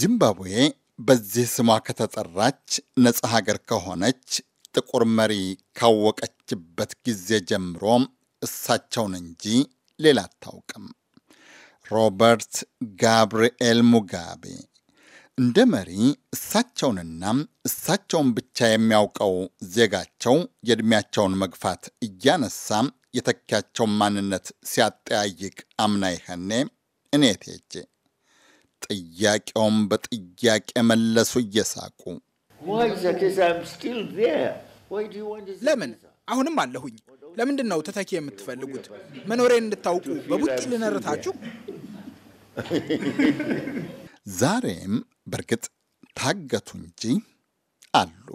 ዚምባብዌ በዚህ ስሟ ከተጠራች ነፀ ሀገር ከሆነች ጥቁር መሪ ካወቀችበት ጊዜ ጀምሮ እሳቸውን እንጂ ሌላ አታውቅም። ሮበርት ጋብርኤል ሙጋቤ እንደ መሪ እሳቸውንና እሳቸውን ብቻ የሚያውቀው ዜጋቸው የእድሜያቸውን መግፋት እያነሳ የተኪያቸውን ማንነት ሲያጠያይቅ አምና ይኸኔ እኔ ቴጄ ጥያቄውን በጥያቄ መለሱ እየሳቁ። ለምን አሁንም አለሁኝ? ለምንድን ነው ተተኪ የምትፈልጉት? መኖሬን እንድታውቁ በቡጢ ልነርታችሁ? ዛሬም በእርግጥ ታገቱ እንጂ አሉ።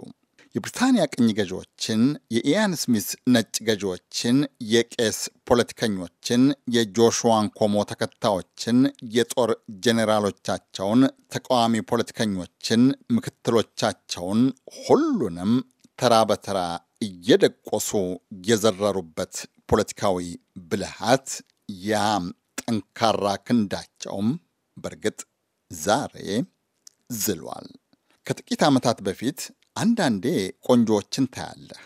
የብሪታንያ ቅኝ ገዢዎችን፣ የኢያን ስሚስ ነጭ ገዢዎችን፣ የቄስ ፖለቲከኞችን፣ የጆሹዋን ኮሞ ተከታዮችን፣ የጦር ጄኔራሎቻቸውን፣ ተቃዋሚ ፖለቲከኞችን፣ ምክትሎቻቸውን ሁሉንም ተራ በተራ እየደቆሱ የዘረሩበት ፖለቲካዊ ብልሃት ያም ጠንካራ ክንዳቸውም በእርግጥ ዛሬ ዝሏል። ከጥቂት ዓመታት በፊት አንዳንዴ ቆንጆዎችን ታያለህ።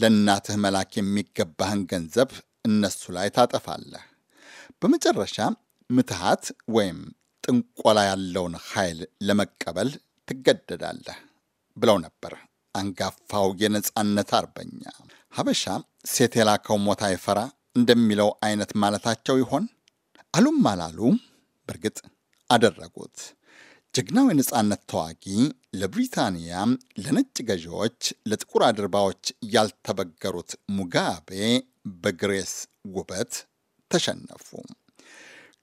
ለእናትህ መላክ የሚገባህን ገንዘብ እነሱ ላይ ታጠፋለህ። በመጨረሻ ምትሃት ወይም ጥንቆላ ያለውን ኃይል ለመቀበል ትገደዳለህ ብለው ነበር አንጋፋው የነፃነት አርበኛ። ሀበሻ ሴት የላከው ሞታ ይፈራ እንደሚለው አይነት ማለታቸው ይሆን? አሉም አላሉ፣ በእርግጥ አደረጉት። ጀግናው የነፃነት ተዋጊ ለብሪታንያ፣ ለነጭ ገዢዎች፣ ለጥቁር አድርባዎች ያልተበገሩት ሙጋቤ በግሬስ ውበት ተሸነፉ።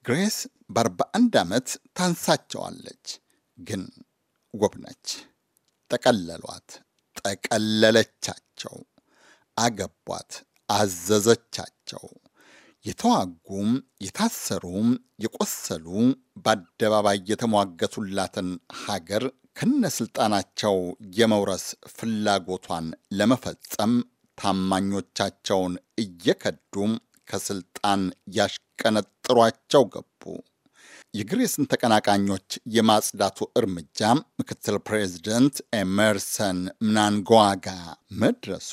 ግሬስ በ41 ዓመት ታንሳቸዋለች፣ ግን ውብ ነች። ጠቀለሏት፣ ጠቀለለቻቸው፣ አገቧት፣ አዘዘቻቸው። የተዋጉም የታሰሩም የቆሰሉ በአደባባይ የተሟገቱላትን ሀገር ከነስልጣናቸው የመውረስ ፍላጎቷን ለመፈጸም ታማኞቻቸውን እየከዱ ከስልጣን ያሽቀነጥሯቸው ገቡ። የግሬስን ተቀናቃኞች የማጽዳቱ እርምጃ ምክትል ፕሬዚደንት ኤመርሰን ምናንጓጋ መድረሱ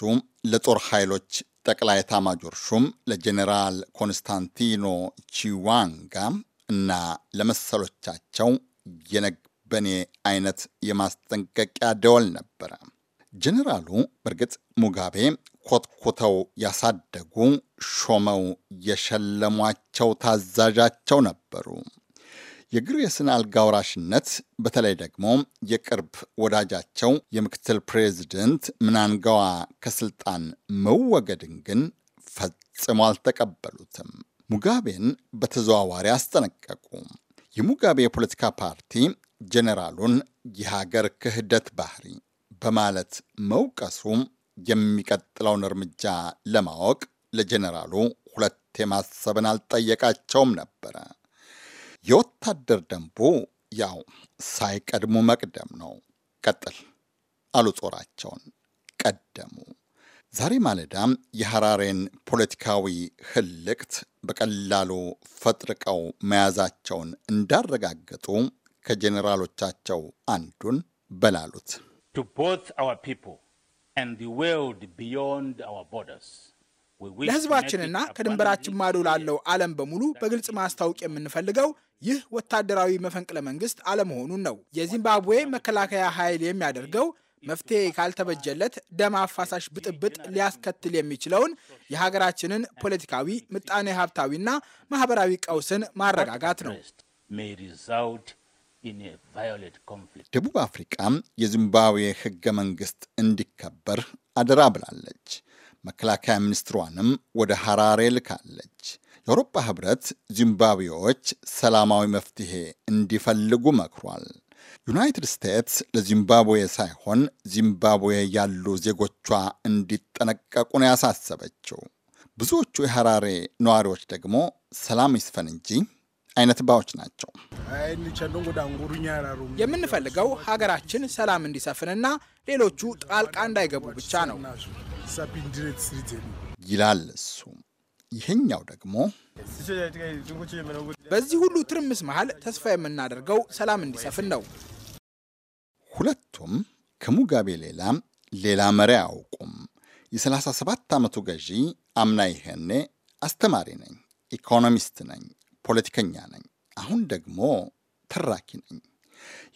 ለጦር ኃይሎች ጠቅላይ ታማጆር ሹም ለጄኔራል ኮንስታንቲኖ ቺዋንጋ እና ለመሰሎቻቸው የነግበኔ አይነት የማስጠንቀቂያ ደወል ነበረ። ጄኔራሉ በእርግጥ ሙጋቤ ኮትኩተው ያሳደጉ ሾመው የሸለሟቸው ታዛዣቸው ነበሩ። የግሬስን አልጋ ወራሽነት በተለይ ደግሞ የቅርብ ወዳጃቸው የምክትል ፕሬዚደንት ምናንጋዋ ከስልጣን መወገድን ግን ፈጽሞ አልተቀበሉትም። ሙጋቤን በተዘዋዋሪ አስጠነቀቁ። የሙጋቤ የፖለቲካ ፓርቲ ጄኔራሉን የሀገር ክህደት ባህሪ በማለት መውቀሱ የሚቀጥለውን እርምጃ ለማወቅ ለጄኔራሉ ሁለቴ ማሰብን አልጠየቃቸውም ነበረ። የወታደር ደንቡ ያው ሳይቀድሙ መቅደም ነው። ቀጥል አሉ ጦራቸውን ቀደሙ። ዛሬ ማለዳም የሐራሬን ፖለቲካዊ ህልቅት በቀላሉ ፈጥርቀው መያዛቸውን እንዳረጋገጡ ከጄኔራሎቻቸው አንዱን በላሉት ለህዝባችንና ከድንበራችን ማዶ ላለው ዓለም በሙሉ በግልጽ ማስታወቅ የምንፈልገው ይህ ወታደራዊ መፈንቅለ መንግስት አለመሆኑን ነው። የዚምባብዌ መከላከያ ኃይል የሚያደርገው መፍትሄ ካልተበጀለት ደም አፋሳሽ ብጥብጥ ሊያስከትል የሚችለውን የሀገራችንን ፖለቲካዊ፣ ምጣኔ ሀብታዊና ማህበራዊ ቀውስን ማረጋጋት ነው። ደቡብ አፍሪቃ የዚምባብዌ ህገ መንግስት እንዲከበር አደራ ብላለች። መከላከያ ሚኒስትሯንም ወደ ሐራሬ ልካለች። የአውሮፓ ህብረት ዚምባብዌዎች ሰላማዊ መፍትሄ እንዲፈልጉ መክሯል። ዩናይትድ ስቴትስ ለዚምባብዌ ሳይሆን ዚምባብዌ ያሉ ዜጎቿ እንዲጠነቀቁ ነው ያሳሰበችው። ብዙዎቹ የሐራሬ ነዋሪዎች ደግሞ ሰላም ይስፈን እንጂ አይነት ባዎች ናቸው። የምንፈልገው ሀገራችን ሰላም እንዲሰፍንና ሌሎቹ ጣልቃ እንዳይገቡ ብቻ ነው። ይላል እሱም። ይህኛው ደግሞ በዚህ ሁሉ ትርምስ መሃል ተስፋ የምናደርገው ሰላም እንዲሰፍን ነው። ሁለቱም ከሙጋቤ ሌላ ሌላ መሪ አያውቁም። የ37 ዓመቱ ገዢ አምና ይሄኔ አስተማሪ ነኝ፣ ኢኮኖሚስት ነኝ፣ ፖለቲከኛ ነኝ፣ አሁን ደግሞ ተራኪ ነኝ።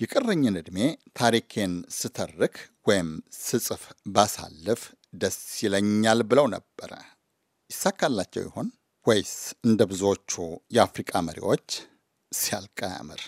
የቀረኝን ዕድሜ ታሪኬን ስተርክ ወይም ስጽፍ ባሳልፍ ደስ ይለኛል ብለው ነበረ። ይሳካላቸው ይሆን ወይስ እንደ ብዙዎቹ የአፍሪቃ መሪዎች ሲያልቅ አያምር?